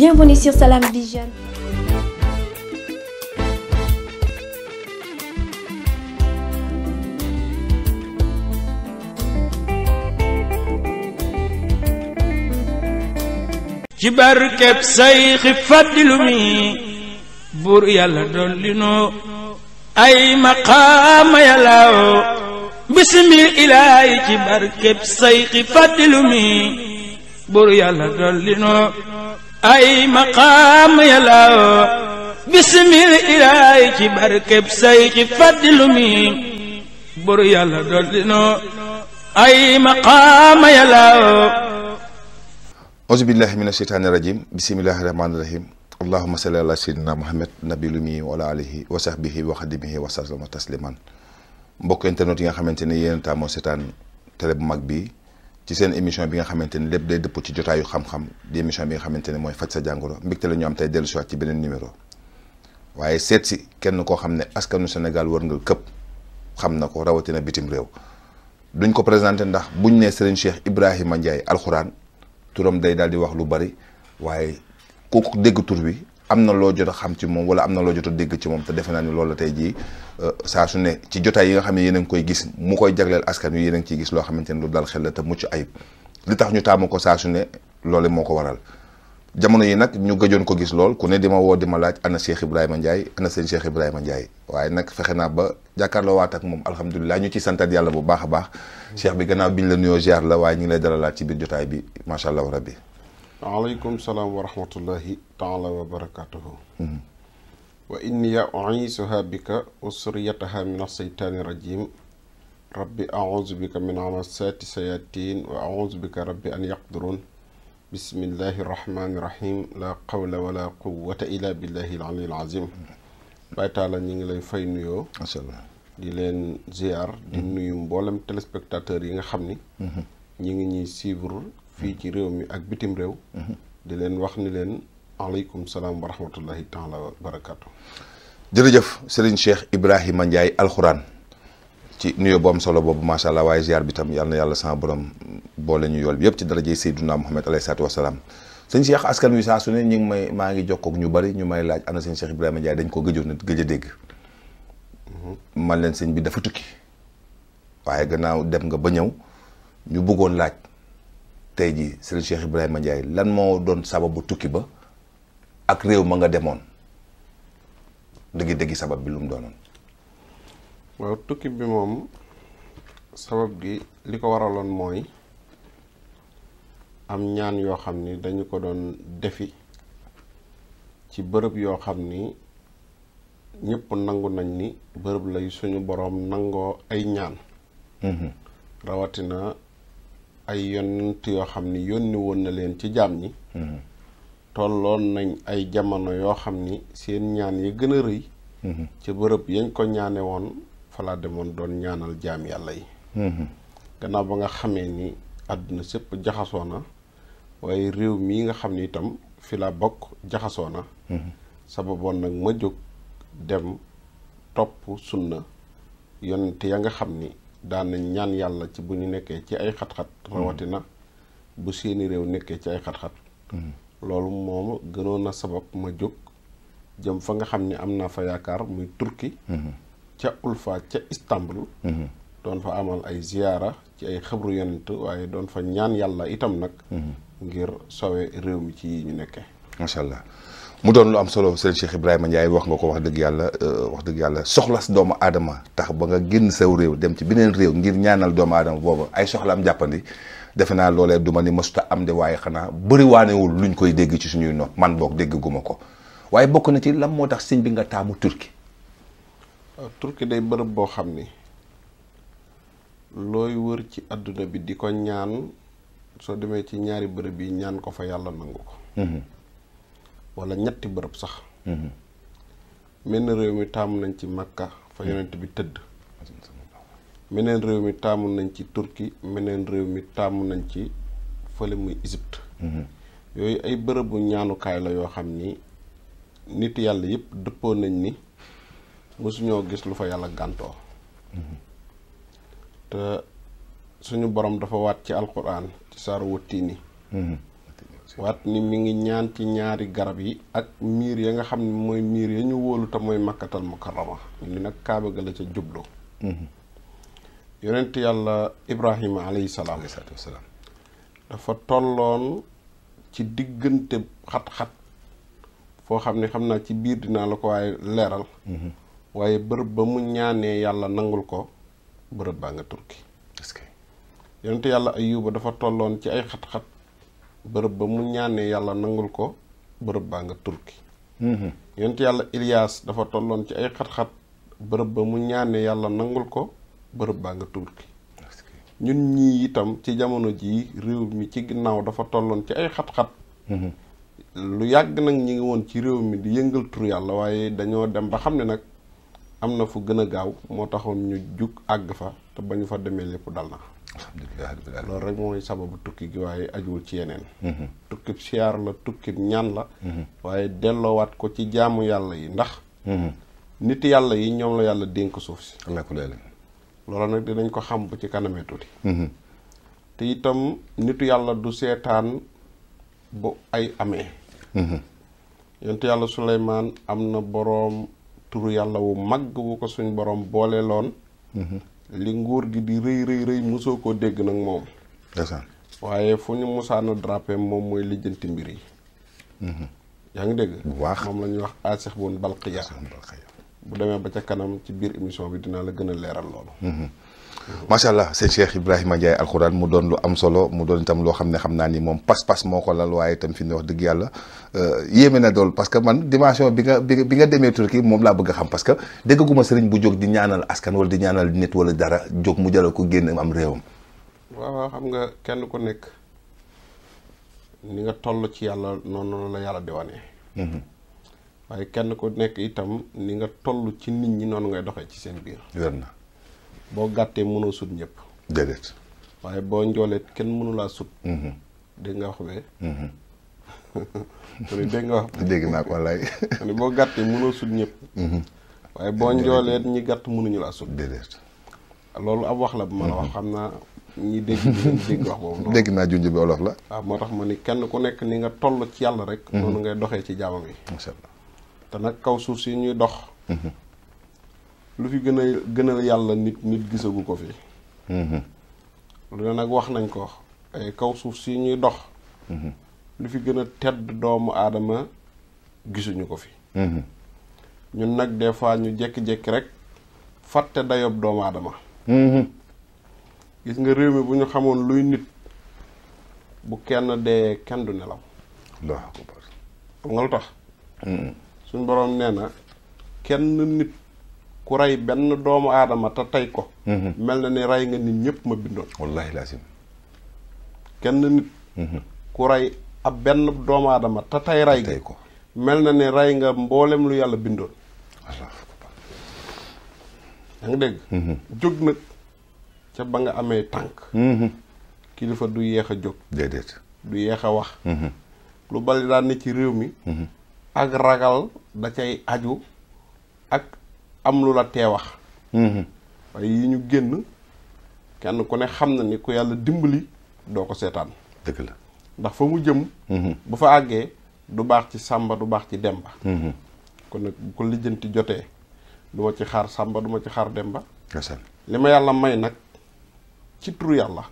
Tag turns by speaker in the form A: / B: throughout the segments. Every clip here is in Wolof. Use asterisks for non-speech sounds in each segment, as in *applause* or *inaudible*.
A: Bienvenue sur Salam Vision.
B: ci yàlla dolli ay maqaama yàllaaw bismil ilaahi ci barkeb sayxi fàddilu ay maqaam yàllaw bisimil ilaay ci barkeb say ci faddilu mi bor yàlla dool dinoo ay maqaam yàllaw
A: auzubillahi min asheytaani irajim bisimillahi rahmaanirahim allahuma salli ala seydina muhammad nabilu mi wala alihi wa sahbihi wa xadimihi wa sallama tasliman mbokk internet yi nga xamante ne yéen taamoo seetaan télé bu mag bi ci seen émission bi nga xamante ni lépp day dëpp ci jotaayu xam-xam di émission bi nga xamante ne mooy faj sa jàngoro mbégte la ñu am tey dellu si waat ci beneen numéro waaye seet si kenn koo xam ne askanu Sénégal war nga këpp xam na ko na bitim réew duñ ko présenté ndax buñ nee Serigne Cheikh Ibrahima Ndiaye alxuraan turam day daal di wax lu bari waaye ku dégg tur bi am na loo jot a xam ci moom wala am na loo jot a dégg ci moom te defe naa ni lool la tey jii euh, saa su ne ci jotaay yi nga xam ne yéen a ngi koy gis mu koy jagleel askan wi yéen a ngi ciy gis loo xamante ne lu dal xel la te mucc ayib li tax ñu taamu ko saa su ne loolu moo ko waral jamono yi nag ñu gëjoon ko gis lool ku ne di ma woo di ma laaj ana Cheikh Ibrahima Ndiaye ana seen Cheikh a Ndiaye waaye nag fexe naa ba jàkkaar jàkkaarloo waat ak moom alhamdulilah ñu ci santat yàlla bu baax a baax. Cheikh bi gannaaw biñ la nuyoo ziar la waaye ñu ngi lay dalalaat ci biir bi macha allah rabbi
C: waaleykum salaam wa rahmatullahi taala wa barakatuhu hmm. wa inniya u'iisuha bika wa suriyataha min asseytaani rajim rabbi auzu bika min amasaati sayatin wa auzu bika rabbi an yaqdurun bismillahi rahmaani rahim la qawla wala quwata illa billahi al aliyyil azim Baay ñi ngi lay fay nuyoo di leen ziar di hmm. nuyu mboolem téléspectateurs yi nga xam ni hmm. ñi ngi ñuy suivre fii ci réew mi ak bitim réew. Mhm. di leen wax ni leen aleykum salaam wa rahmatullahi taala wa barakaatu.
A: jërëjëf Serigne Cheikh Ibrahima Ndiaye alxuraan ci nuyoo bu am boobu macha allah waaye ziar bi tam yal na yàlla sama borom boole ñu yool bi yëpp ci darajay Seydina Muhammad alayhi salaatu wa salaam. sëñ Cheikh askan wi saa su ne ñu ngi may maa ngi jokkoo ak ñu bari ñu may laaj ana sëñ Cheikh Ibrahima Ndiaye dañ ko gëjoon gëj a dégg. Mhm. man leen sëñ bi dafa tukki. waaye gannaaw dem nga ba ñëw ñu bëggoon laaj tey jii sëriñ Cheikh Ibrahima Ndiaye lan moo doon sababu tukki ba ak réew ma nga demoon dëgg déggi sabab bi lu mu doonoon.
C: waaw tukki bi moom sabab gi li ko waraloon mooy am ñaan yoo xam ni dañu ko doon defi ci bërëb yoo xam ni ñépp nangu nañ ni bërëb lay suñu boroom nangoo ay ñaan. Mhm. rawatina. ay yonent yoo xam ni yónni na leen ci jaam ñi hmm. tolloon nañ ay jamono yoo xam ni seen ñaan yi gën a rëy hmm. ci bërëb yañ ko ñaane woon falaa demoon doon ñaanal jaam yàlla yi hmm. gannaaw ba nga xamee ni àdduna sépp jaxasoo na waaye réew mii nga xam ni itam fi la bokk jaxasoo na sababoon nag ma jóg dem topp sunna yonent ya nga xam ni daan ñaan yàlla ci bu ñu nekkee ci ay xat-xat mm. rawatina bu seeni réew nekkee ci ay xat-xat mm. loolu moom gënoon a sabab ma jóg jëm fa nga xam ni am naa fa yaakaar muy turki mm-hmm. ca ulfa ca istanbul mm-hmm. doon fa amal ay ziyaara ci ay xëbru yonent waaye doon fa ñaan yàlla itam nag mm-hmm. ngir sowe réew mi ci
A: yi ñu nekkee macha allah mu doon lu am solo sëñ Cheikh Ibrahima Ndiaye wax nga ko wax dëgg yàlla euh, wax dëgg yàlla soxlas doomu aadama tax ba nga génn saw réew dem ci beneen réew ngir ñaanal doomu aadama boobu ay soxlaam jàppandi defe naa loolee du ma ni mësuta am de waaye xanaa bëri waanewul ñu koy dégg ci suñuy nopp man boog dégg guma ko waaye bokk na ci lan moo tax sëñ bi nga taamu turki
C: euh, turki day bërëb boo xam ni looy wër ci àdduna bi di ko ñaan soo demee ci ñaari bërëb yi ñaan ko fa yàlla wala ñetti bërëb sax mhm. menn réew mi taamu nañ ci Makka fa mhm. yonent bi tëdd meneen réew mi taamu nañ ci Turki meneen réew mi taamu nañ ci fële muy Égypte mhm. yooyu ay bërëbu ñaanukaay la yoo xam ni nit yàlla yëpp dëppoo nañ ni mosuñoo gis lu fa yàlla gàntoo te suñu boroom dafa waat ci alquran ci saaru wattiini waat ni mi ngi ñaan ci ñaari garab yi ak miir ya nga xam ne mooy miir ya ñu wóolu mooy makkatal mukarrama ñu ni nag kaaba ga la ca jublu mhm. yonent yàlla ibrahima alayhi salaam dafa tolloon ci diggante xat-xat foo xam ne xam naa ci biir dinaa la ko waaye leeral mhm. waaye bërëb ba mu ñaanee yàlla nangul ko bërëb baa nga turki yonent yàlla ayuba dafa tolloon ci ay xat-xat bërëb ba mu ñaanee yàlla nangul ko bërëb baa nga turki mhm. yonent yàlla Ilias dafa tolloon ci ay xat-xat bërëb ba mu ñaanee yàlla nangul ko bërëb baa nga turki ñun ñii itam ci jamono jii réew mi ci ginnaaw dafa tolloon ci ay xat-xat mhm. lu yàgg nag ñi ngi woon ci réew mi di yëngal tur yàlla waaye dañoo dem ba xam ne nag am na fu gën a gaaw moo taxoon ñu jug àgg fa te ba ñu fa demee lépp dal na lool rabbil alamin rek mooy sababu tukki gi waaye ajuwul ci yeneen mm-hmm. tukkib siyaar la tukkib ñaan la mm-hmm. waaye delloowaat ko ci jaamu yàlla yi ndax mm-hmm. nit yàlla yi ñoom la yàlla dénk suuf si loola nag dinañ ko xam bu ci kanamee tuuti te itam nitu yàlla du seetaan bu ay amee yonent yàlla Suleymaan am na boroom turu yàlla wu mag wu ko suñ boroom booleeloon li nguur gi di rëy rëy rëy mosoo koo dégg nag moom. waaye fu ñu musaana drapé moom mooy lijjanti mbir yi. Mhm. yaa ngi dégg. bu baax moom la ñuy wax Asix bun Balqiya. bu demee ba ca kanam ci biir émission bi dinaa la gën a leeral loolu.
A: Mhm. macha allah sëñ Cheikh a Ndiaye alxuraan mu doon lu am solo mu doon itam loo xam ne xam naa ni moom pas-pas moo ko lal waaye itam fi ne wax dëgg yàlla euh, yéeme na dool parce que man dimension bi nga bi nga demee Turquie moom laa bëgg a xam parce que déggaguma sëriñ bu jóg di ñaanal askan wala di ñaanal nit wala dara jóg mu jëlal ko génn am réewam.
C: waaw xam nga kenn ko nekk ni nga toll ci yàlla noonu la yàlla di waaye kenn ku nekk itam ni nga toll ci nit ñi noonu ngay doxee ci seen biir. wér na boo gàttee mënoo sut ñëpp. déedéet. waaye boo njooleet kenn mënulaa sut. Mm-hmm. Mm-hmm. *laughs* dégg nga wax bee. dégg nga wax. dégg naa ko wallaay. kon *laughs* boo gàttee mënoo sut ñëpp. Mm-hmm. waaye boo njooleet ñi gàtt mënuñu laa sut. déedéet. loolu ab wax la bu man a wax xam naa.
A: ñi dégg dégg wax boobu. dégg naa junj bi olof la.
C: waaw moo tax ma ni kenn ku nekk ni nga toll ci yàlla rek. noonu ngay doxee ci jaamam yi. macha allah. te nag kaw suuf si ñuy dox. Mhm. lu fi gën a gënal yàlla nit nit gisagu ko fi. Mhm. lu ne nag wax nañ ko ay kaw suuf si ñuy dox. Mhm. lu fi gën a tedd doomu aadama gisuñu ko fi. ñun nag des fois ñu jékki-jékki rek fatte dayob doomu aadama. gis nga réew mi bu ñu xamoon luy nit bu kenn dee kenn du nelaw.
D: waaw
C: nga lu tax. suñ boroom nee na kenn nit ku rey benn doomu aadama te tey ko mhm. mel na ni rey nga nit ñëpp ma bindoon kenn nit mhm. ku rey ab benn doomu aadama te tey rey ko mel na ni rey nga mboolem lu yàlla bindoon yaa ngi dégg mhm. jóg nag ca ba nga amee tànk kilifa du yeex a jóg déedéet du yeex a wax lu bari daan ne ci réew mi ak ragal da cay aju ak am lu la teewax mhm. waaye yi ñu génn kenn ku ne xam na ni ku yàlla dimbali doo ko seetaan dëgg la ndax fa mu jëm mhm. bu fa àggee du baax ci sàmba du baax ci demba mhm. kon nag bu ko lijjanti jotee du ci xaar sàmba duma ci xaar demba li ma yàlla may nag ci turu yàlla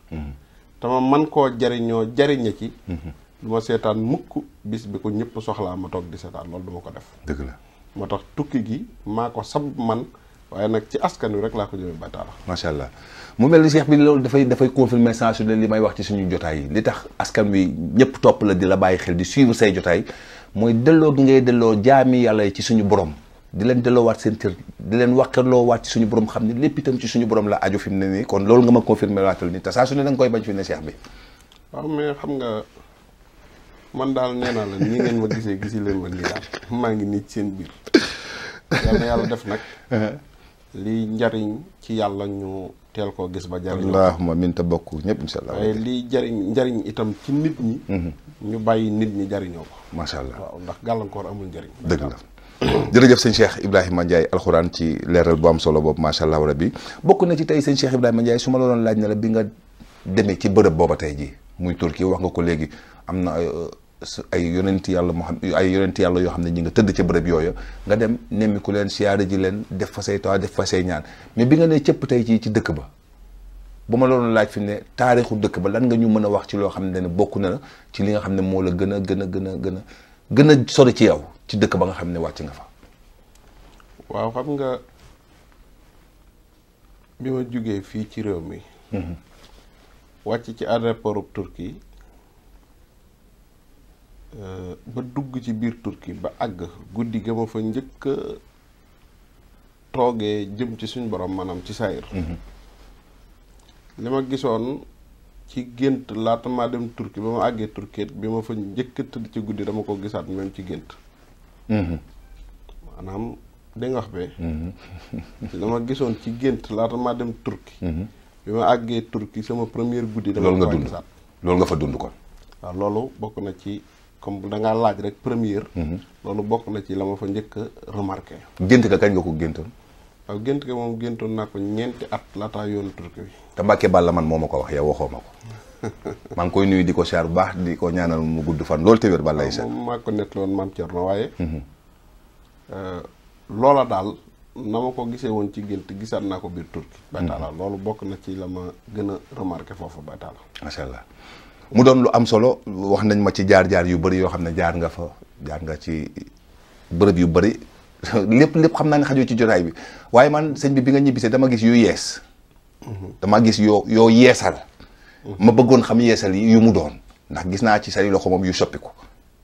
C: te ma man koo jariñoo jariña ci du ma seetaan mukk bis bi ko ñëpp soxlaa ma toog di seetaan loolu du ko def. dëgg la moo tax tukki gi maa ko sab man waaye nag ci askan wi rek laa ko jëmee bataala.
A: macha allah mu mel ni seex bi loolu dafay dafay confirmer saa su ne li may wax ci suñu jotaay yi li tax askan wi ñëpp topp la di la bàyyi xel di suivre say jotaay mooy delloo gi ngay delloo jaami yàlla ci suñu borom. di leen delloowaat seen tër di leen wàqaloowaat ci suñu borom xam ne lépp itam ci suñu borom la aju fi mu ne nii loolu nga ma confirmer waatal ni te saa su ne da koy bañ fi ne Cheikh bi.
C: waaw mais xam nga. man daal nee naa la ni ngeen ma gisee
A: gisi leen ma nii daal maa ngi nit seen biir yal na yàlla def nag. Uh-huh.
C: li njariñ ci yàlla ñu teel koo gis ba jariñ allahumma
A: min bokk ñëpp incha allah waaye
C: li jariñ njariñ itam ci nit ñi. Uh-huh. ñu bàyyi nit ñi jariñoo ko. macha allah waaw ndax gàllankoor amul njariñ.
A: dëgg la. jërëjëf sëñ Cheikh Ibrahima Ndiaye alxuraan ci leeral bu am solo boobu macha allah bi bokk na ci tey sëñ Cheikh Ibrahima Ndiaye su ma la doon laaj na la bi nga demee ci bërëb booba tey jii muy Turquie wax nga ko léegi am na ay yonent yàlla moo xam ay yonent yàlla yoo xam ne ñi nga tëdd ca bërëb yooyu nga dem nemmiku leen siyaare ji leen def fa say toit def fa say ñaan mais bi nga nee cëpp tey ci ci dëkk ba bu ma loolu laaj fi ne taarixu dëkk ba lan nga ñu mën a wax ci loo xam ne ne bokk na la ci li nga xam ne moo la gën a gën a gën a gën a gën a sori ci yow ci dëkk ba nga xam ne wàcc nga fa.
C: waaw xam nga bi ma jugee fii ci réew mi. Mm-hmm. wàcc ci aéroport Turquie Euh, ba dugg ci biir Turquie ba àgg guddi ga ma fa njëkk toogee jëm ci suñ borom maanaam ci saayir mhm. li ma gisoon ci gént laata maa dem Turquie ba ma bi ma fa njëkk ci guddi dama ko gisaat même ci gént mhm. maanaam di wax be mhm. *laughs* dama gisoon ci gént laata maa dem Turquie bi ma àggee Turquie sama première guddi dama ko gisaat nga dund
A: loolu nga fa dund kon
C: waaw loolu bokk na ci comme da ngaa laaj rek première. Mhm. loolu bokk na ci la ma fa njëkk a remarqué.
A: gént ka kañ nga ko géntoon.
C: waaw gént ka moom géntoon naa ko ñeenti at laataa yoonu turki bi.
A: te man moo ma ko wax waxoo ma *laughs* maa ngi koy nuyu di ko siyaar bu baax di ko ñaanal mu gudd fan loolu ba lay seet.
C: maa ko nekk loon maam Thierno waaye. Mhm. Euh, loola daal na ma gisee woon ci gént gisaat naa ko biir turki. Mhm. loolu bokk na ci la ma gën a remarqué foofu baytaala.
A: macha allah. mu doon lu am solo wax nañ ma ci jaar-jaar yu bari yoo xam ne jaar nga fa jaar nga ci bërëb yu bari *laughs* lépp lépp xam naa ne xajoo ci jotaay bi waaye man sëñ bi bi nga ñibbisee dama gis yu yees mhm. dama gis yoo yoo yeesal mhm. ma bëggoon xam yeesal yi yu mu doon ndax gis naa ci say loxo moom yu soppiku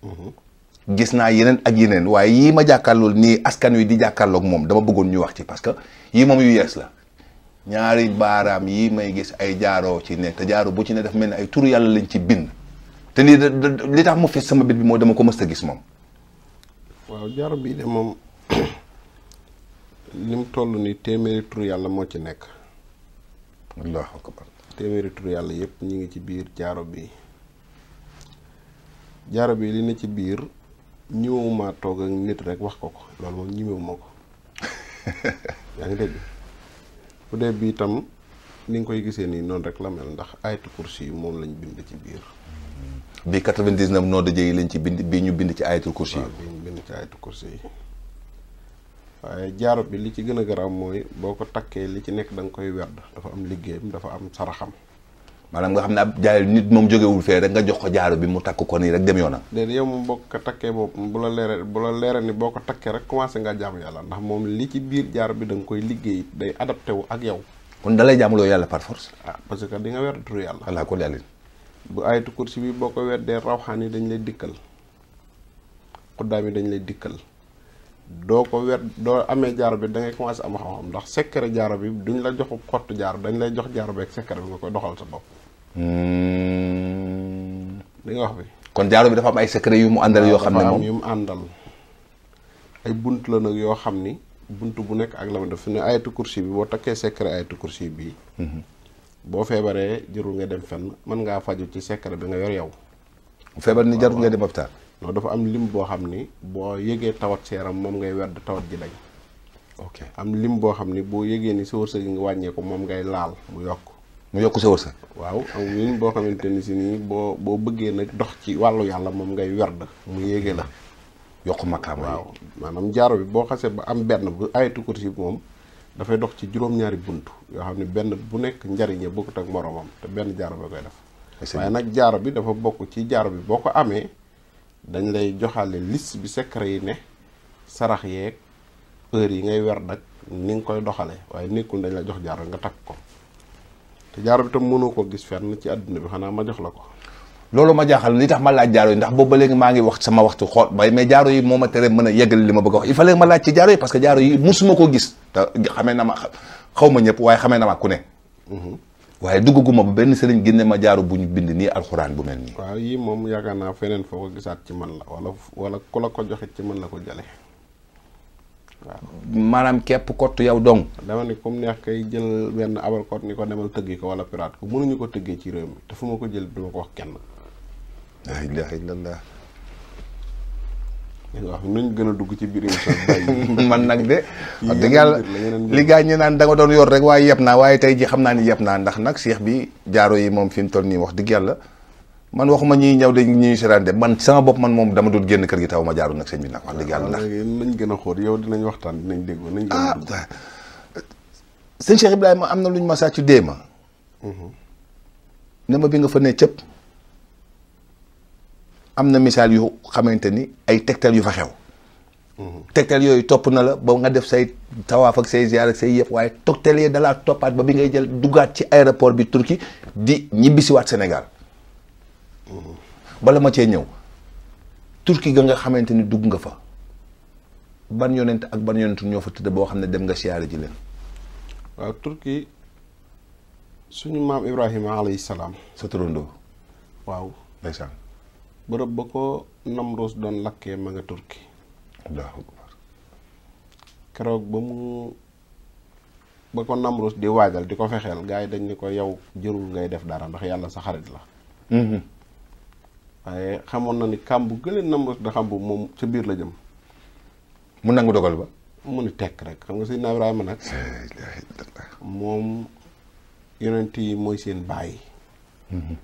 D: mhm.
A: gis naa yeneen ak yeneen waaye yii ma jàkkaarlool nii askan wi di jàkkaarloog moom dama bëggoon ñu wax ci parce que yii moom yu yees la ñaari baaraam yi may gis ay jaaro ci nekk te jaaro bu ci ne daf mel ni ay turu yàlla lañ ci bind te lii li tax mu fees sama bit bi moo dama ko mës gis moom
C: waaw jaaro bii de moom *clears throat* lim toll ni téeméeri turu yàlla moo ci nekk allahu akbar téeméeri turu yàlla yëpp ñu ngi ci biir jaaro bi jaaro bi li ne ci biir ñëwuma toog ak nit rek wax ko ko loolu moom ñimewuma ko *laughs* ngi dégg bu dee bi itam ni nga koy gisee nii noonu rek la mel ndax ayatu kursi yi moom lañ bind ci biir.
A: bi 99 noo dajee yi lañ ci bind bi ñu bind ci ayatul kursi yi. bi
C: ñu bind ci ayatul kursi yi waaye jaaro bi li ci gën
A: a garaaw mooy
C: boo ko takkee li ci nekk danga koy werd dafa am liggéeyam dafa am saraxam.
A: maanaam nga xam ne ab jaay nit moom jógewul fee rek nga jox ko jaaro bi mu takk ko nii rek dem yoonam
C: déedéet yow moom boo ko takkee boobu bu la leere ni boo ko takkee rek commencé ngaa jaamu yàlla ndax moom li ci biir jaaro bi da nga liggéey day adapté wu ak yow
A: kon dalay jaamuloo yàlla par force ah
C: parce que di nga weer turu yàlla alaa ko yàllin bu ayatu kursi bi boo ko weddee rawxaan yi dañ lay dikkal xuddaam yi dañ lay dikkal doo ko wet doo amee jaaro bi dangay ngay commencé am xam-xam ndax secret jaaro bi duñ la joxu xottu jaaro dañ lay jox jaaro beeg secret bi nga koy doxal sa bopp
A: Hmm. li nga wax bi. kon jaaro bi dafa am ay secret yu mu àndal yoo
C: xam ne moom yu mu àndal ay bunt la nag yoo xam ni bunt bu nekk ak la ma def fi ne ayatu kursi bi boo takkee secret ayatu kursi bii. Mhm. boo feebaree jarul nga dem fenn mën ngaa faju ci secret bi nga yor yow. feebar ni jarul nga dem hôpital. non dafa am lim boo xam ni boo yëgee tawat sa yaram moom ngay wedd tawat ji lañ. ok am lim boo xam ni boo yëgee ni sa wërsëg wàññee ko moom ngay laal mu yokk.
A: mu yokk sa wërsëg.
C: waaw am na boo xamante ni si nii boo boo bëggee nag dox ci wàllu yàlla moom ngay werd mu yéege la. yokku makaam waaw maanaam jaaro bi boo xasee ba am benn bu ayatu kursi bi moom dafay dox ci juróom-ñaari bunt yoo xam ne benn bu nekk njariñe bokkut ak moroomam te benn jaaro ba koy def. waaye nag jaaro bi dafa bokk ci jaaro bi boo ko amee dañ lay joxale liste bi secret yi ne sarax yeeg heure yi ngay werd ak ni nga koy doxale waaye nekkul dañ la jox jaaro nga takk ko. te jaaro bi tam mënoo ko gis fenn ci àdduna bi xanaa ma jox la ko
A: loolu ma jaaxal ni tax ma laaj jaaro yi ndax boobu ba léegi maa ngi wax sama waxtu xool bay mais jaaro yi moo ma a yeggali li ma bëgg a wax il fallait ma laaj ci jaaro yi parce que jaaro yi musuma ko gis te xamee na ma xaw ma ñëpp waaye xamee na ma ku ne mhm. waaye duggaguma ba benn sëriñ génne ma jaaru bu ñu bind nii alxuraan bu mel nii
C: waaw yii moom yaakaar naa feneen foo ko gisaat ci man la wala wala ku la ko joxe ci man la ko jale
A: maanaam képp kott yow dong
C: dama ne comme neex kay benn abal kott ni ko demal tëggi ko wala piraat tëggee ci réew mi ma ko jël duma ko kenn la
A: ilaha illallah gën a dugg ci biir *laughs* man nag de wax dëgg yàlla li gaa ñi naan da nga doon yor rek waaye yeb naa waaye tey ji xam naa ni yeb naa ndax nag seex bi jaaro yi moom fi mu toll nii wax dëgg yàlla man waxuma ñuy ñëw dañ ñuy seetaan de man sama bopp man moom dama dul génn kër gi taw ma jaaru nag sëñ bi nag wax dëgg yàlla
C: gën a xóot yow dinañ waxtaan dinañ déggoo nañ gën a ah,
A: sëñ Cheikh am na luñ ma sàcc dee ma mhm. ne ma bi nga fa ne cëpp am na misaal yu xamante ni ay tegtal yu fa xew mhm. tegtal yooyu topp na la ba nga def say tawaaf ak say ziar ak say yëpp waaye tegtal yi dalaa toppaat ba bi ngay jël duggaat ci aéroport bi Turquie di ñibbisiwaat senegal bala ma cee ñëw turki ga nga xamante ni dugg nga fa ban yonent ak ban yonentu ñoo fa tëdd boo xam ne dem nga siyaare ji leen waaw turki suñu maam ibrahima alayhi salaam sa turandoo
C: waaw ndeysaan bërëb ba ko Namroos doon lakkee ma turki keroog ba mu ba ko Namroos di waajal di ko fexeel gaa yi dañ ni ko yow jërul ngay def dara ndax yàlla sa xarit la mm-hmm. waaye xamoon na ni kàmb gële nam da xambu moom ca biir la jëm. mun mu nangu dogal ba. mu ni tekk rek xam nga Seydina Ibrahima nag. moom yonent yi mooy seen bàyyi. Mhm.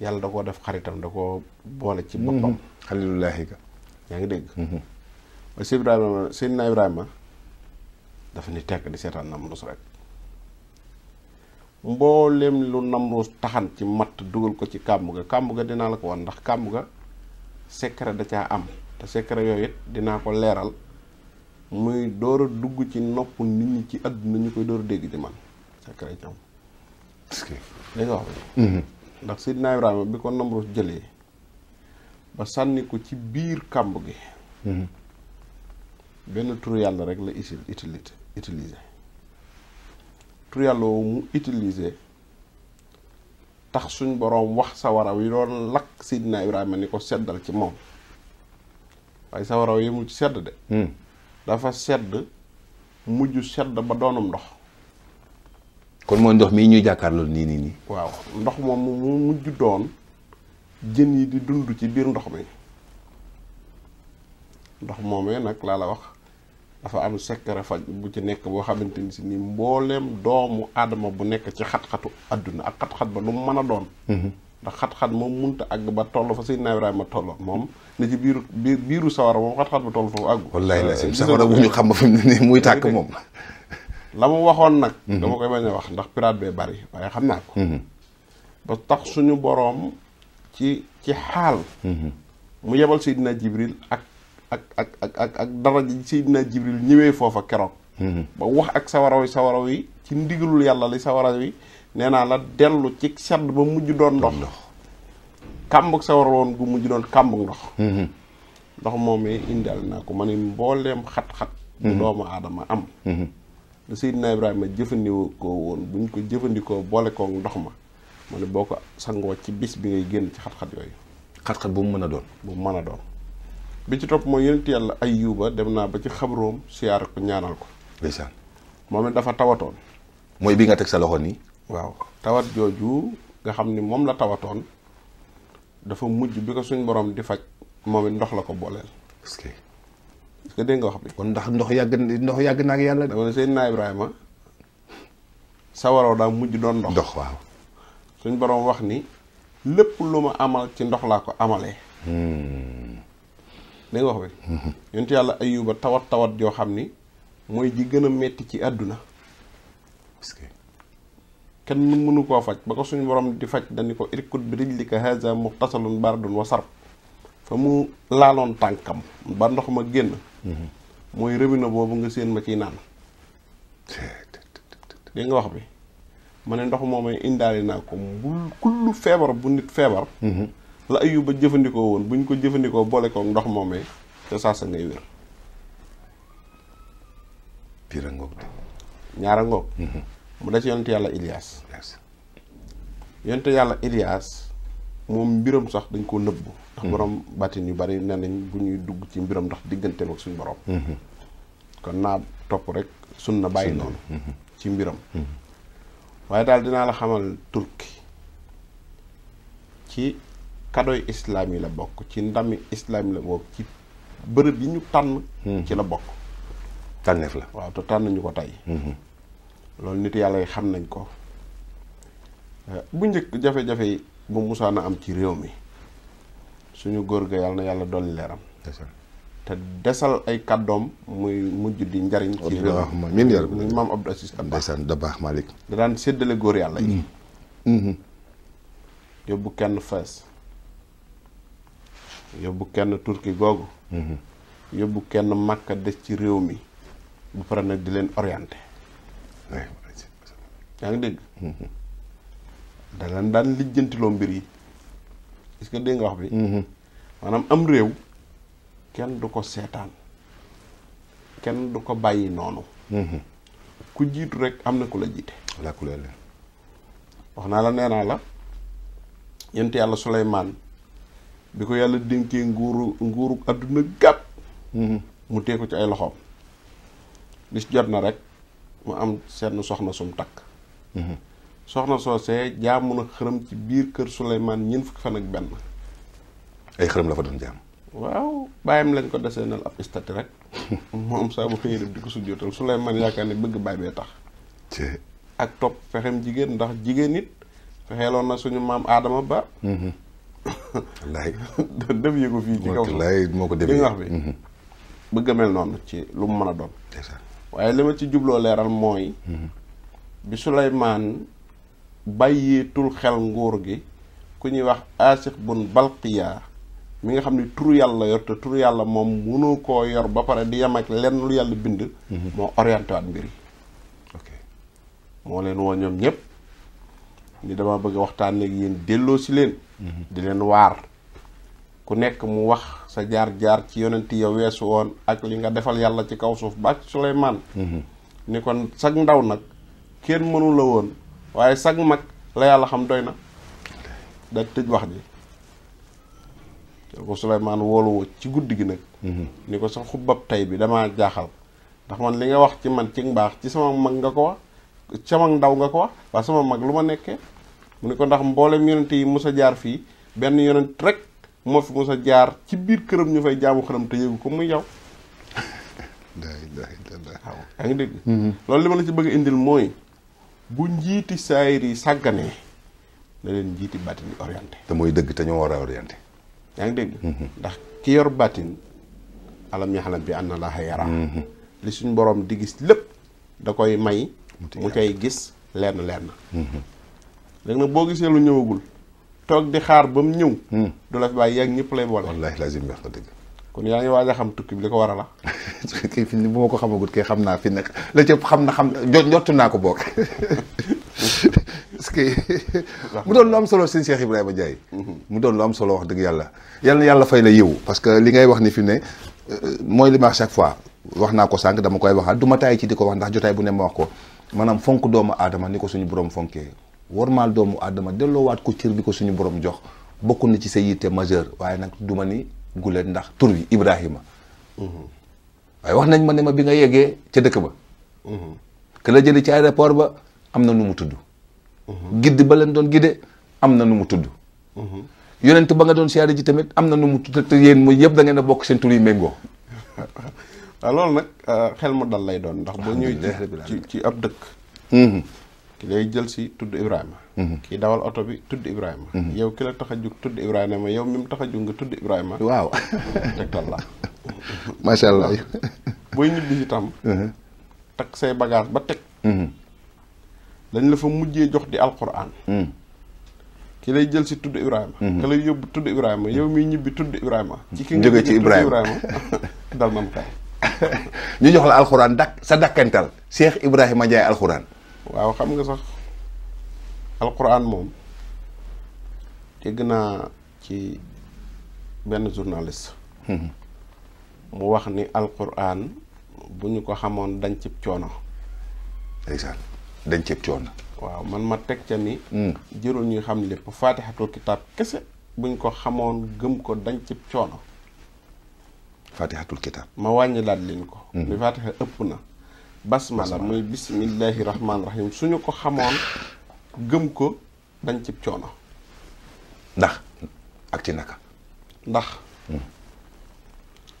C: yàlla da koo def xaritam da koo boole ci boppam. Mhm. xalilullaahi ka yaa ngi dégg. waaye mhm. Seydina Ibrahima Seydina Ibrahima dafa ni tekk di seetaan na mu rek. mbooleem lu namru taxan ci matt dugal ko ci kàmb ga kàmb ga dinaa la ko wan ndax kàmb ga secret da caa am te secret yooyu it dinaa ko leeral muy door a dugg ci nopp nit ñi ci àdduna ñu koy door a dégg ci man secret ci am mm-hmm. ndax Seydina Ibrahima bi ko namru jëlee ba sànni ko ci biir kàmb gi mm-hmm. benn turu yàlla rek la utili utilisé tur yàlla woowu mu utiliser tax suñ boroom wax sawara yi doon lakk Seydina Ibrahima ni ko seddal ci moom waaye sawara yi mu ci sedd de hmm. dafa sedd mujj sedd ba doonum ndox
A: kon mooy ndox mii ñuy jàkkaarloo nii nii nii
C: waaw ndox moom mu mujj doon jën yi di dund ci biir ndox mi ndox moomee nag laa la wax dafa am sakkara faj bu ci nekk boo xamante ni si ni mbooleem doomu aadama bu nekk ci xat-xatu adduna ak xat-xat ba lu mu mën a doon mhm. ndax xat-xat moom munta àgg ba toll fa Seydina Ibrahima tolloon moom ne ci biiru biiru sawara moom xat-xat ba toll foofu àggu wallaay la si xam
A: ba fi mu ne muy tàkk moom
C: la mu waxoon nag mhm. dama koy bañ a wax ndax piraat bee bari waaye xam naa ko mhm. ba tax suñu boroom ci ci xaal mu yebal Seydina Jibril ak ak ak ak ak ak dara ji Seydina Jibril ñëwee foofa keroog mm-hmm. ba wax ak sawaraw yi sawaraw yi ci ndigalul yàlla li sawaraw yi nee naa la dellu ci sedd ba mujj doon ndox kàmbug sawara woon gu mujj doon kàmbug ndox mm-hmm. ndox moomee indaal naa ko ma ne mbooleem xat-xat bu mm-hmm. doomu aadama am la Seydina Ibrahima jëfandikoo woon buñ ko jëfandikoo boole kook ndox ma ma boo ko sangoo ci bis bi ngay génn ci xat-xat yooyu xat-xat bu mu mën a doon bu mën a doon bi ci topp mooy yonent yàlla Ayyuba dem naa ba ci xabroom siyaar ko ñaanal ko. ndeysaan moom it dafa tawatoon.
A: mooy bi nga teg sa loxo nii.
C: waaw tawat jooju nga xam ni moom la tawatoon dafa mujj bi ko suñ borom di faj moom it ndox la ko booleel. est que est-ce que dégg nga wax bi. kon ndax ndox yàgg ndox yàgg na ak yàlla. dama ne Seydina Ibrahima sawaroo daa mujj doon ndox. ndox suñ borom wax ni lépp lu ma amal ci ndox laa ko amalee.
D: Hmm.
C: dégg wax bi yontu yàlla ayuba tawat tawat joo xam ni mooy ji gën a metti ci àdduna parce que kenn mënu koo faj ba ko suñu borom di faj dañu ko irkut bi rijlika haza mu bardun wa sarb fa mu laaloon tànkam ba ndox ma génn mooy robinet boobu nga séen ma ciy naan dégg nga wax bi ma ne ndox moomay indaale naa ko bu kullu feebar bu nit feebar la Ayuba jëfandikoo woon buñ ko jëfandikoo boole koog ndox moomee te saasa ngay wér. pire ngoog de. ñaara ngoog. Mhm. mu da ci yàlla Ilias. yonent yàlla Ilias moom mbiram sax dañ ko nëbbu. ndax mhm. borom bàttin yu bari nee nañ bu ñuy dugg ci mbiram ndax digganteem ak suñu borom. Mhm. kon naa topp rek sunna bàyyi noonu. ci mbiram. waaye daal dinaa la xamal turki ci. kadoy islaam yi la bokk ci ndami islam yi la bokk ci bërëb yi ñu tànn hmm. ci la bokk tànneef la waaw te tànn ñu ko tey hmm. loolu nit yàlla yi xam nañ ko euh, bu njëkk jafe-jafe yi bu musaana am ci réew mi suñu góor ga yàlla na yàlla dolli leeram te desal ay kàddoom muy mujj di njariñ ci réew mi maam Abdou Aziz
A: ndeysaan da baax Malick
C: da daan séddale góor yàlla yi hmm. yóbbu kenn fees yóbbu kenn turki googu mhm. yóbbu kenn màkka des ci réew mi bu pare nag di leen orienté yaa ngi dégg mhm. da leen daan lijjantiloo mbir yi est-ce nga wax bi mhm. maanaam am réew kenn du ko seetaan kenn du ko bàyyi noonu ku jiitu rek am na ku la jiite wax naa la nee naa la yent yàlla Suleymaan bi ko yàlla dénkee nguuru nguuru adduna gàpp mm-hmm. mu tee ci ay loxoom bis jot na rek mu am seen soxna sum takk mm-hmm. soxna soo see jaamu na xërëm ci biir kër Souleymane ñeent fukki fan ak benn
A: ay xërëm la fa doon jaam
C: waaw bàyyam lañ ko deseenal ab istati rek *laughs* moom saa bu xëyee dem di ko sujjootal Souleymane yaakaar ne bëgg baay bee tax ak topp fexem jigéen ndax jigéen it fexeeloon na suñu maam Aadama ba mm-hmm. wallaay *laughs* dem yëgu fii ci kaw wallaay moo ko demee li nga wax bi mm-hmm. bëgg mel noonu ci lu mu mën a doon waaye li ma ci jubloo leeral mooy mm-hmm. bi Suleymaan bàyyeetul xel nguur gi ku ñuy wax Aasix bun Balqiya mi nga xam ni turu yàlla yor te turu yàlla moom mënu koo yor ba pare di yem ak lenn lu yàlla bind mm-hmm. moo orienté mbir yi moo leen woo ñoom ñëpp ni dama bëgg waxtaan ak yéen delloo si leen di leen waar ku nekk mu wax sa jaar-jaar ci yonent ya weesu woon ak li nga defal yàlla ci kaw suuf ba Suleymaan ni kon sag ndaw nag kenn mënula woon waaye sag mag la yàlla xam doy na da tëj wax ji ko Suleymaan woolu ci guddi gi nag ni ko sa xubbab tey bi damaa jaaxal ndax man li nga wax ci man ci mbaax ci sama mag nga ko wax sama ndaw nga ko wax waa sama mag lu ma nekkee mu ne ko ndax mboolem yonent yi mos a jaar fii benn yonent rek moo fi mos a jaar ci biir këram ñu fay jaamu xaram te yëgu ko muy yow.
D: waaw yaa ngi dégg. Mm-hmm.
C: loolu li ma la ci bëgg indil mooy bu njiiti saayir yi sàgganee na leen njiiti baatin yi orienté.
A: te mooy dëgg te ñoo war a orienté.
C: yaa ngi dégg. Mm-hmm. ndax ki yor baatin alam yaxalam bi ànd na laa yara mm-hmm. li suñ boroom di gis lépp da koy may. mu cay gis lenn lenn. léegi nag boo gisee lu ñëwagul toog di xaar ba mu ñëw. Hmm. du la fi bàyyi yàgg ñëpp lay boole. wallaahi la wax nga dëgg. kon yaa ngi waaj xam tukki bi li ko war a la.
A: *laughs* kii fi bu ma ko xamagut kii xam naa fi nag la ca xam na xam jottu naa ko boog *laughs* parce que mu doon lu am solo sëñ Cheikh Ibrahima Ndiaye. Mhm. mu doon lu solo wax dëgg yàlla. yal yàlla fay la yiw parce que li ngay wax ni fi ne euh, mooy li ma wax chaque fois wax naa ko sànq dama koy waxaat du ma taay ci di ko wax ndax jotaay bu ne ma wax ko maanaam fonk doomu aadama ni ko suñu borom fonkee. warmaal doomu aadama delloowaat ko cër bi ko suñu boroom jox bokk na ci sa yitte majeur waaye nag du ma ni guleen ndax tur wi Ibrahima. Mhm. waaye wax nañ ma ne ma bi nga yeggee ca dëkk ba.
D: que mhm.
A: la jële ci aéroport ba am na nu mu tudd. Mhm. gidd ba leen doon gidde am na nu mu tudd. yonent ba nga doon siyaare ji tamit am na nu mu tudd te yéen mooy yëpp da ngeen a bokk seen tur yi méngoo.
C: *laughs* loolu nag euh, xel mu dal lay doon. ndax boo ñëwee ci ci ab dëkk. ki lay jël si tudd Ibrahima. Mhm. kii dawal oto bi tudd Ibrahima. Mhm. yow ki la tax a jug tudd Ibrahima yow mi mu tax jug nga tudd Ibrahima. waaw *laughs*
A: tegtal la. *laughs* macha
C: ñibbi mhm. say bagage ba teg. dañ la mujjee jox di alquran. ki lay jël si tudd Ibrahima. ki yóbbu tudd Ibrahima yow miy ñibbi tudd Ibrahima. ci ki jóge ci Ibrahima *laughs* dal na mu kaay.
A: ñu jox la alquran dak sa dakkantal
C: Cheikh Ibrahima Ndiaye alquran. waaw xam nga sax alquran moom dégg naa ci benn journaliste hmm. mu wax ni alquran bu ñu ko xamoon dañ cib coono ndeysaan
A: dañ cib coono
C: waaw man ma teg ca ni hmm. jërul ñuy xam lépp faatixatul kitaab kese buñ ko xamoon gëm ko dañ cib coono
A: faatixatul kitaab
C: ma wàññi laat leen ko hmm. li faatixa ëpp na basmala muy bismillahi rahmaani rahim suñu ko xamoon gëm ko dañ cib coono.
A: ndax ak ci naka.
C: ndax. Hmm.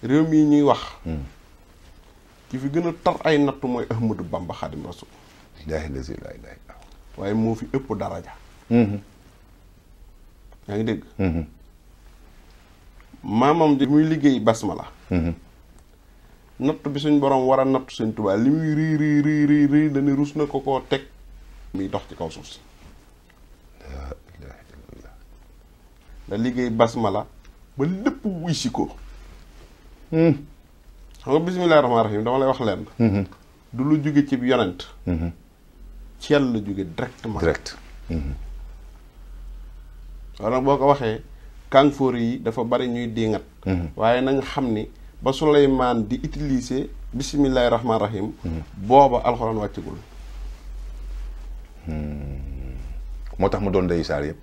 C: réew mi ñuy wax. Hmm. ki fi gën a tar ay nattu mooy Ahmadou Bamba Rasul. waaye moo fi ëpp daraja. Hmm. yaa ngi dégg. maamam ji muy liggéey la natt bi suñ boroom war a natt suñ tubaa li muy rii rii rii rii rii dana rus na ko koo teg muy dox ci kaw suuf si da liggéey la
A: ba lépp wuy si ko
D: hmm.
C: xam nga bismillaahi rahmaani rahiim dama lay wax
A: leen
C: du lu jóge ci yonent ci la jóge directement direct waaw boo ko waxee kànfoor yi dafa bari ñuy diŋat waaye na xam ni ba Suleymaan di utiliser bisimilahi rahmaan rahim. booba alxuraan wàccagul.
A: Hmm. moo tax ma doon ndeyu saar yëpp.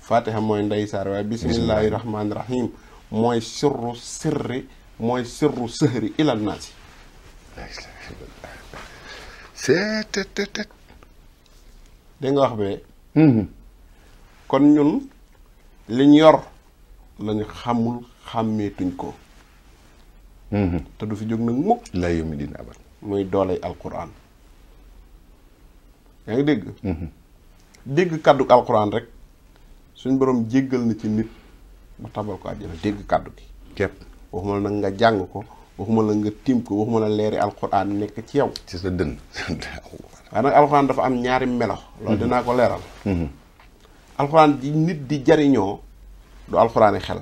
C: Fatiha mooy ndeyu saar waaye bisimilahi rahmaan rahim mooy sirru sirri mooy sirru sëhri ilal naasi. seetetetet. dégg nga wax bee. Hmm. kon ñun liñ yor lañu xamul xàmmeetuñ ko. Mm-hmm. te du fi jóg nag mukk laa yombi dina abat muy doolay alquran yaa ngi dégg mm-hmm. dégg kàddu alquran rek suñ borom jéggal na ci nit ba tabal ko àjjana dégg kàddu gi képp waxuma la nga jàng ko waxuma na nga tiim ko waxuma la leeri alquran nekk ci yow ci sa dënn
D: *laughs*
C: waaye nag alquran dafa am ñaari melo loolu mm-hmm. dinaa ko leeral alquran ji nit di jariñoo du alquran xel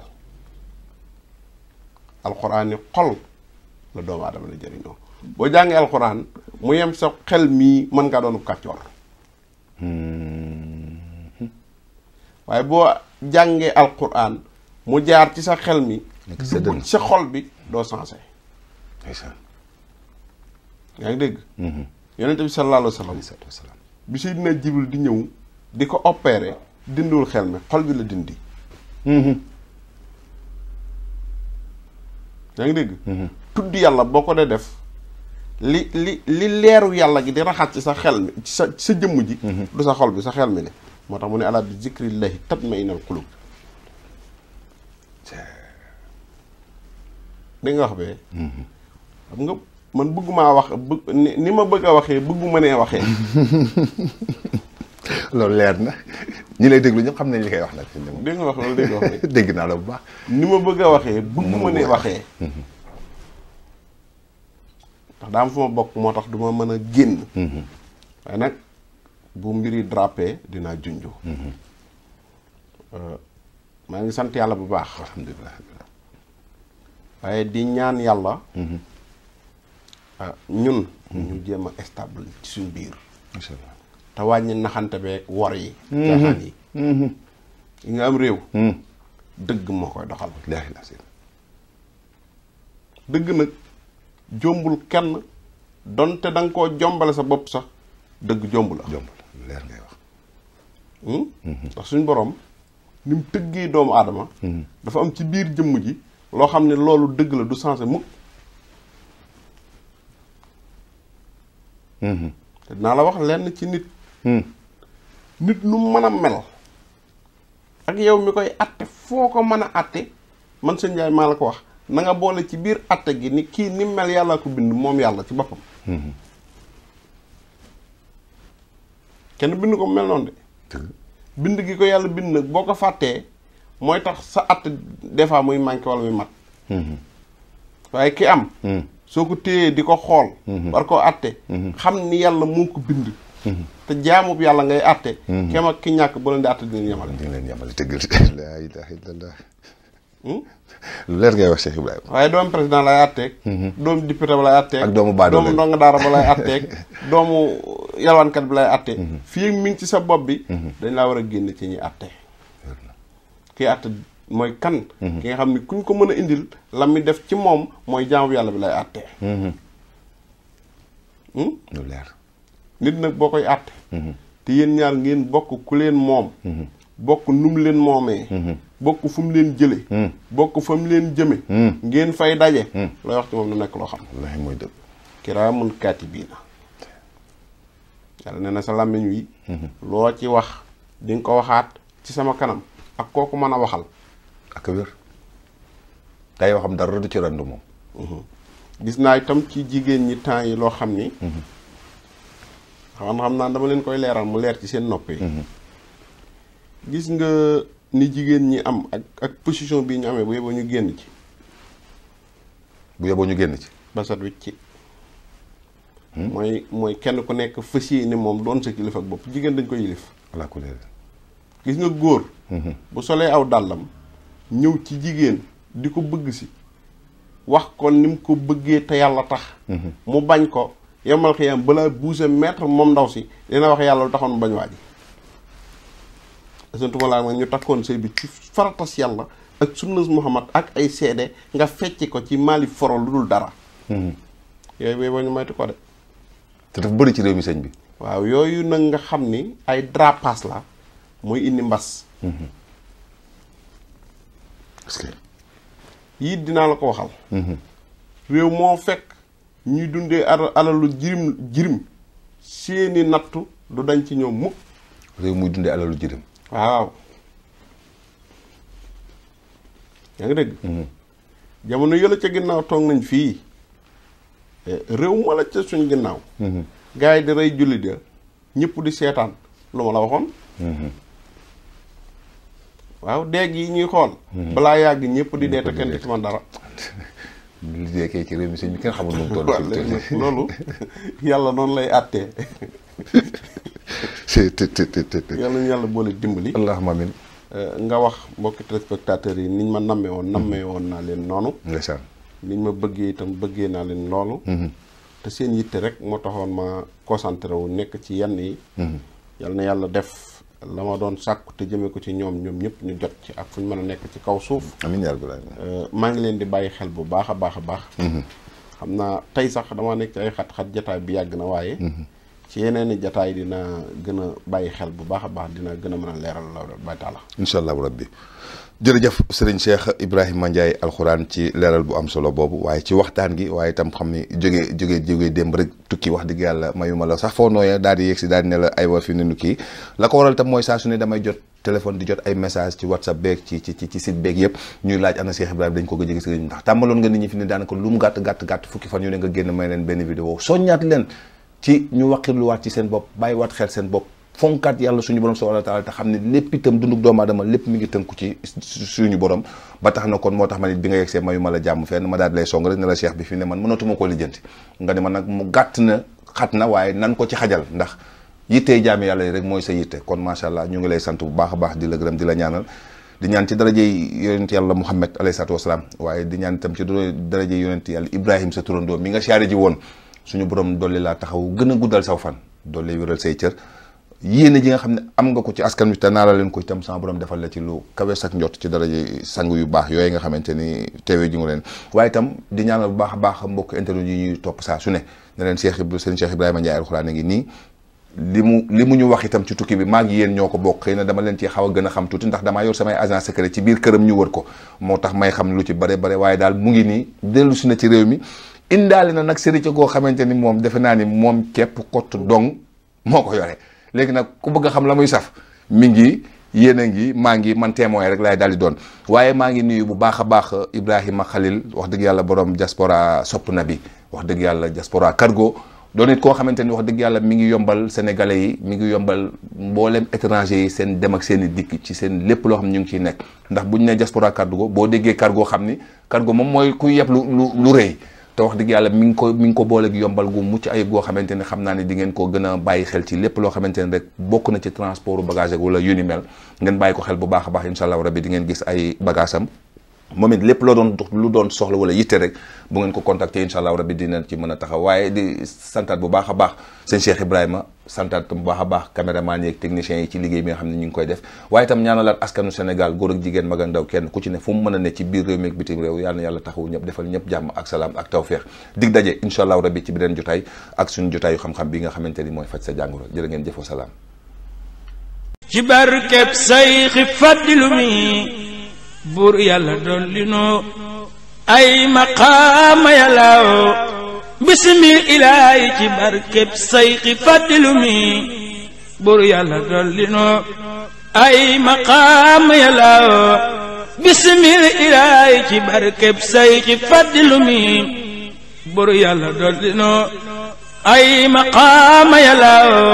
C: alxuraan yi xol la doomu aadama la jëriñoo boo jàngee alxuraan mu yem sa xel mii mën ngaa doon kàccoor hmm. waaye boo jàngee alxuraan mu jaar ci sa xel mi sa xol bi doo sensé yaa ngi dégg hmm. yonente bi sallallahu alayhi wa sallam bi Seydina Jibril di ñëw di ko opéré dindul xel mi xol bi la dindi hmm. yaa ngi dégg. Mhm. tudd yàlla boo ko dee def li li li leeru yàlla gi di raxas ci sa xel mi ci sa sa jëmm ji. Mhm. du sa xol bi sa xel mi ne. moo tax mu ne alaa bi zikrillahi tatma'innul qulub. di nga wax bee. Mhm. xam nga man bëggumaa wax ni ma bëgg a waxee bëggu ma nee waxee. *laughs* *laughs* loolu leer na ñi lay déglu ñëpp xam nañ li koy wax nag. dégg nga wax loolu dégg nga *laughs* naa la bu baax. ni ma bëgg a waxee bëgg ma ne waxee. ndax daa am fu ma bokk moo tax du ma mën a génn. Mm-hmm. waaye nag bu mbiri drapé dinaa junju. Mm-hmm. Euh, maa ngi sant yàlla bu baax. alhamdulilah waaye di ñaan yàlla. Mm-hmm. Ah, ñun. ñu jéem a stable ci suñu biir. te wàññi naxante beeg wor yi.
D: caaxaan yi. Mm-hmm.
C: yi nga am réew. Mm. dëgg moo koy doxal. dëgg nag jombul kenn donte da nga koo jombale sa bopp sax dëgg jombu la. jomb la leer ngay wax. Hmm? Mm-hmm. ndax suñu borom ni tëggee doomu aadama. Mm-hmm. dafa am ci biir jëmm ji loo xam ne loolu dëgg la du changé mukk.
D: te
C: dinaa la wax lenn ci nit.
D: nit
C: nu mën a mel ak yow mi koy atte foo ko mën a atte man sëñ Ndiaye maa la ko wax nanga boole ci biir atte gi ni kii ni mel yàllaa ko bind moom yàlla ci boppam mhm. kenn bind ko mel noonu de bind gi ko yàlla bind nag boo ko fàttee mooy tax sa atte des fois muy manqué wala muy mat mhm. waaye ki am mhm. soo ko téyee di ko xool war koo atte xam ni yàlla moo ko bind te jaamub yàlla ngay àtte. Mhm. kem ki ñàkk bu leen di àtte dinañ yemale. dinañ leen yemale tëggal *laughs* laa hmm?
A: lu leer ngay wax Cheikh Ibrahima.
C: waaye doomu président lay àtteeg. Mhm. doomu député ba lay àtteeg. ak doomu Badoo doomu ndongo daara ba lay àtteeg. *laughs* doomu yalwaankat bi lay àtteeg. Mhm. fii mi ci sa bopp bi. dañ laa war a génn ci ñi àtte. kii àtte mooy kan. ki nga xam ni kuñ ko mën a indil la mi def ci moom mooy jaamu yàlla bi lay àtte. Hmm? lu leer. nit nag boo koy àtte mhm. te yéen ñaar ngeen bokk ku leen moom mhm. bokk nu mu leen moomee mhm. bokk fu mu leen jële bokk fa mu leen jëme ngeen fay daje looy wax ci moom na nekk loo xam wallaahi mooy dëgg kiraamun kaatibiina yàlla nee na sa làmmiñ wi loo ci wax di ko waxaat ci sama kanam ak kooku mën a waxal
A: ak wér tay yoo dara du ci rendu moom
C: gis naa itam ci jigéen ñi temps yi loo xam ni xam xam naa dama leen koy leeral mu leer ci seen nopp yi gis nga ni jigéen ñi am ak ak position bii ñu amee bu yeboo ñu génn ci
A: bu yeboo ñu génn ci basat wi ci
C: hmm? mooy mooy kenn ku nekk fas yéene moom doon sa kilifa ak bopp jigéen dañ koy yilif walla ku gis nga góor bu solee aw dàllam ñëw ci jigéen di ko bëgg si wax ko ni ko bëggee te yàlla tax mu bañ ko yomal xiyam balaa buuse mètre moom ndaw si dina wax yàlla lu taxoon bañ waaj santuma laa nag ñu takkoon sëy bi ci faratas yàlla ak sunnas muhammad ak ay seede nga fecc ko ci maali foro lu dul dara hmm. yooyu booy boo ñu moytu ko de
D: te dafa
A: bëri ci réew mi sëñ bi
C: waaw yooyu nag nga xam ni ay drapas la mooy indi mbas hmm. yii dinaa la ko waxal hmm. réew moo fekk ñuy dundee alalu jirim jirim seeni nattu du dañ ci ñoom mukk
A: réew muy dundee alalu jirim
C: waaw yaa dégg mm-hmm. jamono yëla ca ginnaaw toog nañ fii eh, réew ma la ca suñ ginnaaw mm-hmm. gars di rey julli de ñëpp di seetaan lu ma la waxoon mm-hmm. waaw deeg yi ñuy xool balaa yàgg ñëpp di dee kenn ci man dara *laughs*
A: li nekkee ci réew mi sëñ bi kenn xamul moom toll.
C: loolu yàlla noonu lay àttee.
D: te te te te
A: yàlla ñu yàlla boole dimbali. allahumma amiin.
C: Euh, nga wax mbokki téléspectateurs yi niñ ma nammee woon nammee woon naa leen noonu. ndeysaan niñ ma bëggee itam bëggee naa leen loolu. Mm-hmm. te seen yitte rek moo taxoon ma concentré wu nekk ci yenn yi. Mm-hmm. yàlla na yàlla def. la ma doon sàkku te jëmee ko ci ñoom ñoom ñëpp ñu jot ci ak fu ñu mën a nekk ci kaw suuf. amiin yaa rabbal aalamiin. Euh, maa ngi leen di bàyyi xel bu baax a baax a baax. Mm-hmm. xam naa tey sax damaa nekk ci ay xat-xat jataay bi yàgg na waaye. Mm-hmm. yeneen i jataay dina gën a bàyyi xel bu baax a baax dina gën a mën a leeral bay
A: taala incha allahu rabbi jërëjëf sëriñ Cheikh Ibrahima Ndiaye alxuraan ci leeral bu am solo boobu waaye ci waxtaan gi waaye itam xam ni jóge jógee jógee démb rek tukki wax dëgg yàlla mayuma la sax foo nooyee daal di yegg si daal di ne la aywa fi mu ne kii la ko waral itam mooy saa su ne damay jot téléphone di jot ay message ci whatsapp beeg ci ci ci site beeg yëpp ñuy laaj ana Cheikh ko ndax tàmmaloon nga nit ñi fi ne daanaka lu mu gàtt gàtt gàtt fukki fan yu ne nga génn may leen benn vidéo soññaat ci ñu waqirluwaat ci seen bopp bàyyiwaat xel seen bopp fonkaat yàlla suñu borom subhanahu wa taala te xam ne lépp itam dunduk doomu aadama lépp mi ngi tënku ci suñu borom ba tax na kon moo tax ma nit bi nga yegsee mayu ma la jàmm fenn ma daal di lay song rek ne la cheikh bi fi ne man mënatuma koo lijjanti nga ne ma nag mu gàtt na xat na waaye nan ko ci xajal ndax yittee jaami yàlla yi rek mooy sa yitte kon macha allah ñu ngi lay sant bu baax baax di la gërëm la ñaanal di ñaan ci darajey yonent yàlla muhammad alayhi salaatu wasalaam waaye di ñaan itam ci darajey yonent yàlla ibrahim sa turandoo mi nga siyaare ji woon suñu borom dolli laa taxaw gën a guddal saw fan dolli wéral say cër yéene ji nga xam ne am nga ko ci askan wi te naa la leen ko itam sama borom defal la ci lu kawe sak njot ci dara ji yu baax yooyu nga xamante ni teewee ji nga leen waaye itam di ñaanal bu baax a baax mbokk internet yi ñuy topp saa su ne ne leen Cheikh Ibra seen Cheikh Ibrahima Ndiaye alxuraan a ngi nii li mu li mu ñu wax itam ci tukki bi maa ngi yéen ñoo ko bokk xëy na dama leen ci xaw a gën a xam tuuti ndax damaa yor samay agent secret ci biir këram ñu wër ko moo tax may xam lu ci bare bare waaye daal mu ngi nii dellu si na ci réew mi indaale na nag sëriñ goo xamante ni moom defe naa ni moom kepp kott dong moo ko yore léegi nag ku bëgg a xam la muy saf mi ngi yéen a ngi maa ngi man témoin rek laay daal di doon waaye maa ngi nuyu bu baax a baax Ibrahima Khalil wax dëgg yàlla borom diaspora sopp na bi wax dëgg yàlla jaspora kargo doon it koo xamante ni wax dëgg yàlla mi ngi yombal sénégalais yi mi ngi yombal mboolem étranger yi seen dem ak seen i dikk ci seen lépp loo xam ñu ngi ciy nekk ndax bu ñu nee diaspora cargo boo déggee cargo xam ni cargo moom mooy kuy yeb lu lu lu rëy. te wax dëgg yàlla mi ngi ko mi ngi ko booleeg yombal gu mucc ay goo xamante ne xam naa ne di ngeen ko gën a bàyyi xel ci lépp loo xamante ne rek bokk na ci transport bagage ak wala yu ni mel ngeen bàyyi ko xel bu baax a baax incha allah rabi di gis ay bagage am moom it lépp loo doon lu doon soxla wala yitte rek bu ngeen ko contacter incha allah rabbi dinañ ci mën a taxaw waaye di santaat bu baax a baax sëñ Cheikh Ibrahima santaat bu baax a baax caméraman yeeg techniciens yi ci liggéey bi nga xam ne ñu ngi koy def waaye itam ñaanalaat askanu Sénégal góor ak jigéen mag kenn ku ci ne fu mu mën a ne ci biir réew mi bitim réew yàlla taxawu ñëpp defal ñëpp jàmm ak salaam ak tawféex dig daje incha allah
B: buur yàlla dolli noo ay maqaama yàllaaw bismi ilaahi ci barkeb sayxi fàddilu mi buur yàlla dolli ay maqaama yàllaaw bismi ilaahi ci barkeb sayxi fàddilu mi buur ay maqaama yàllaaw